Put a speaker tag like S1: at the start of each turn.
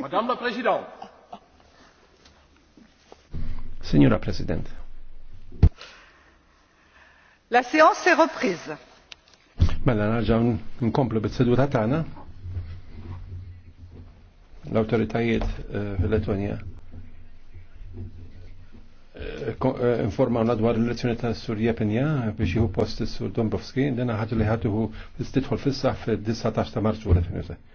S1: Madame la Présidente.
S2: Signora Presidente.
S3: La séance est reprise.
S2: Mela narġaw nkomplu bit-seduta tagħna l-awtoritajiet eh, fil-Letonja informawna dwar l-elezzjoni ta' Sur Jepinja biex jihu post Sur Dombrovski, dena ħadu li ħadu istidħol fissa fil-19 ta' marzu 2010.